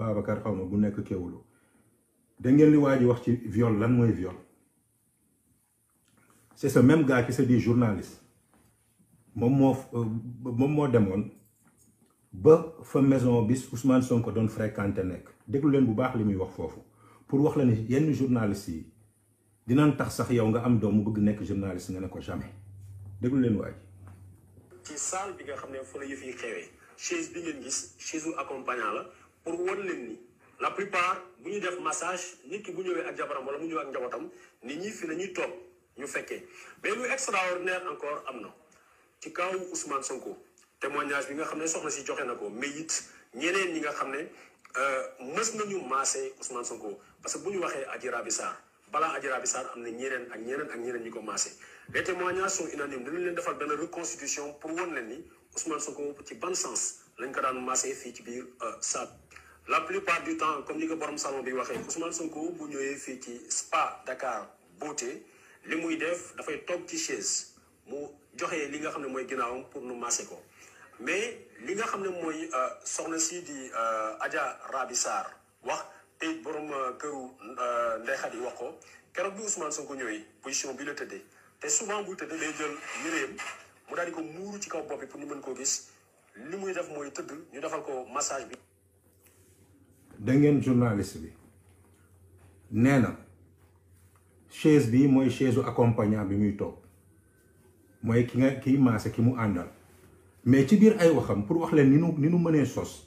Babacar xaw ma bu nekk Kéwoulo da ngeen li waa ji wax ci viol lan mooy viol c'est ce même gars qui se dit journaliste moom moo euh, moom moo demoon ba fa maison bis Ousmane ko doon fréquenté nekk déglu leen bu baax li muy wax foofu pour wax la ne yenn journaliste yi dinañ tax sax yow nga am doom mu bëgg nekk journaliste nga ne ko jamais déglu leen waa ji ci salle bi nga xam ne fa la yëf xewee chaise bi ngeen gis chaise u accompagnant la pour won leen ni la plupart bu ñu def massage nit ki bu ñëwee ak jabaram wala mu ñëwee ak njabootam nit ñi fi la ñuy toog ñu fekkee mais lu extraordinaire encore am na ci kaw Ousmane Sonko témoignage bi nga xam ne soxla si joxe na ko mais it ñeneen ñi nga xam ne euh, mës nañu maase Ousmane Sonko parce que bu ñu waxee Adji Raby Sarr balaa Adji Raby Sarr am na ñeneen ak ñeneen ak ñeneen ñi ko maase les témoignages sont unanimes dañu leen defal dana reconstitution pour won leen ni Ousmane Sonko ci ban sens lañ ko daan massé fii ci biir euh, salle la plupart du temps comme ni ko borom salon bi waxee Ousmane Sonko bu ñëwee fii ci Spa Dakar Beauté li muy def dafay toog ci chaise mu joxe li nga xam ne mooy ginnaawam pour nu massé ko mais li nga xam ne mooy euh, soxna si di euh, Adja Rabi Sarr wax te borom këru Ndeye Khady wax ko keroog bi Ousmane Sonko ñëwee position bi la tëddee te souvent bu tëddee lay jël yëreem mu daal di ko muuru ci kaw bopp bi pour ñu mën koo gis. li muy def mooy tëdd ñu defal ko massage bi. da ngeen journaliste bi nee na chaise bi mooy chaise u accompagnant bi muy toog mooy ki nga kiy maase ki mu àndal mais ci biir ay waxam pour wax leen ni nu ni nu mënee sos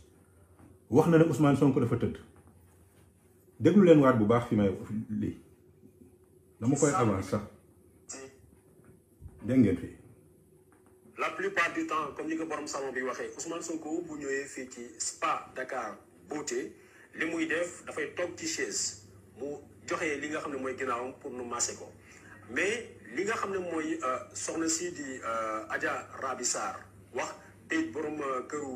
wax na ne Ousmane ko dafa tëdd déglu leen waat bu baax fi may lii dama koy avance sax dégg ngeen fii la plupart du temps comme ni ko borom salon bi waxee Ousmane Sonko bu ñëwee fii ci Spa Dakar Beauté li muy def dafay toog ci chaise mu joxe li nga xam ne mooy ginaawam pour nu maase ko mais li nga xam ne mooy euh, soxna si di euh, Adja Rabi Sarr wax tey borom euh, këru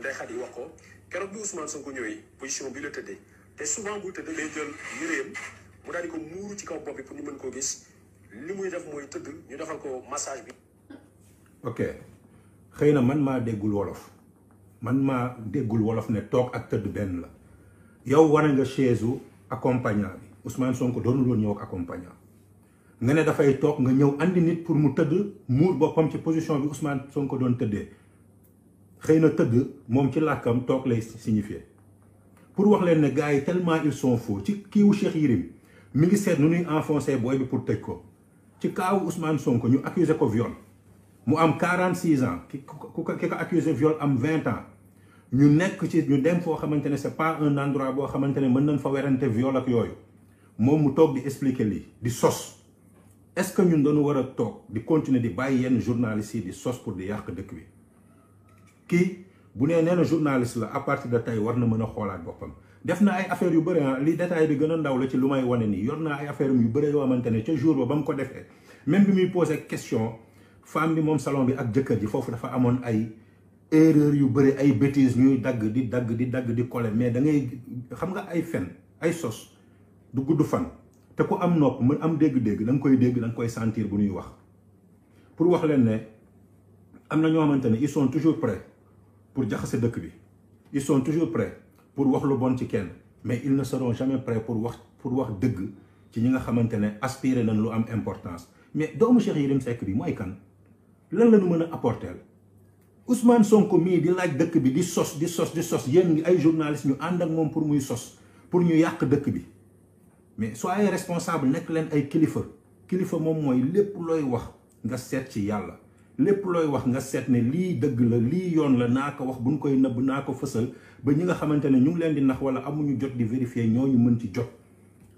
ndeyxat yi wax ko keroog bi Ousmane Sonko ñëwee position bi la tëddee te souvent bu tëddee day jël yëreem mu daal di ko muuru ci kaw bopp bi pour ñu mën koo gis li muy def mooy tëdd ñu defal ko massage bi. ok xëy na man maa déggul wolof man maa déggul wolof ne toog ak tëdd benn la yow war nga chaise u accompagnant bi Ousmane Sonko doonul woon ñëw ak accompagnant nga ne dafay toog nga ñëw andi nit pour mu tëdd muur boppam ci position bi Ousmane ko doon tëddee xëy na tëdd moom ci làkkam toog lay signifier pour wax leen ne gars yi tellement ils sont ci kiiwu Cheikh Yérim mi ngi seet nu ñuy enfoncé booy bi pour tëj ko ci kaawu Ousmane Sonko ñu accusé ko viol mu am 46 ans ki ku ko ki ko accusé viol am 20 ans ñu nekk ci ñu dem foo xamante ne c'est pas un endroit boo xamante ne mën nañ fa werante viol ak yooyu moom mu toog di expliquer lii di sos est-ce que ñun dañu war a toog di continuer di bàyyi yenn journalistes yi di sos pour di yàq dëkk bi kii bu nee nee na journaliste la à partir de tey war na mën a xoolaat boppam def na ay affaires yu bëri ah li détail bi gën a ndaw la ci lu may wane nii yor naa ay affaires yu bëri yoo xamante ne ca jour ba ba mu ko defee même bi muy posé question. femme bi moom salon bi ak jëkkër ji foofu dafa amoon ay erreur yu bëri ay bêtises ñuy dagg di dagg di dagg di kole mais da ngay xam nga ay fen ay sos du gudd fan te ku am nopp mu am dégg-dégg da koy dégg da koy sentir bu nuy wax pour wax leen ne am na ñoo xamante ne ils toujours prêts pour jaxase dëkk bi ils sont toujours prêts pour wax lu bon ci kenn mais ils ne seront jamais près pour wax pour wax dëgg ci ñi nga xamante ne aspirer nañ lu am importance mais doomu Cheikh Yérim Seck bi mooy kan lan la ñu mën a apporter Ousmane Sonko mii di laaj dëkk bi di sos di sos di sos yéen ay journalistes ñu ànd ak moom pour muy sos pour ñu yàq dëkk bi mais soo ay responsable nekk leen ay kilifa kilifa moom mooy lépp looy wax nga seet ci yàlla lépp looy wax nga seet ne lii dëgg la lii yoon la naa ko wax buñ koy nëbb naa ko fësal ba ñi nga xamante ne ñu ngi leen di nax wala amuñu jot di ñoo ñu mën ci jot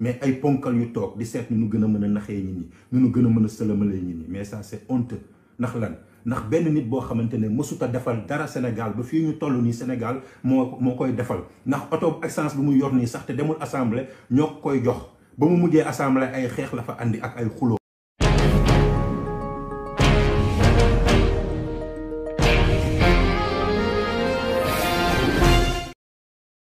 mais ay ponkal yu toog di seet nu gën a mën a naxee nit ñi nu nu gën mën a sëlamalee nit ñi mais ça c'est honte ndax lan ndax benn nit boo xamante ne mësut a defal dara Sénégal ba fii ñu toll nii Sénégal moo moo koy defal ndax oto essence bi muy yor nii sax te demul assemblée ñoo koy jox ba mu mujjee assemblée ay xeex la fa andi ak ay xuloo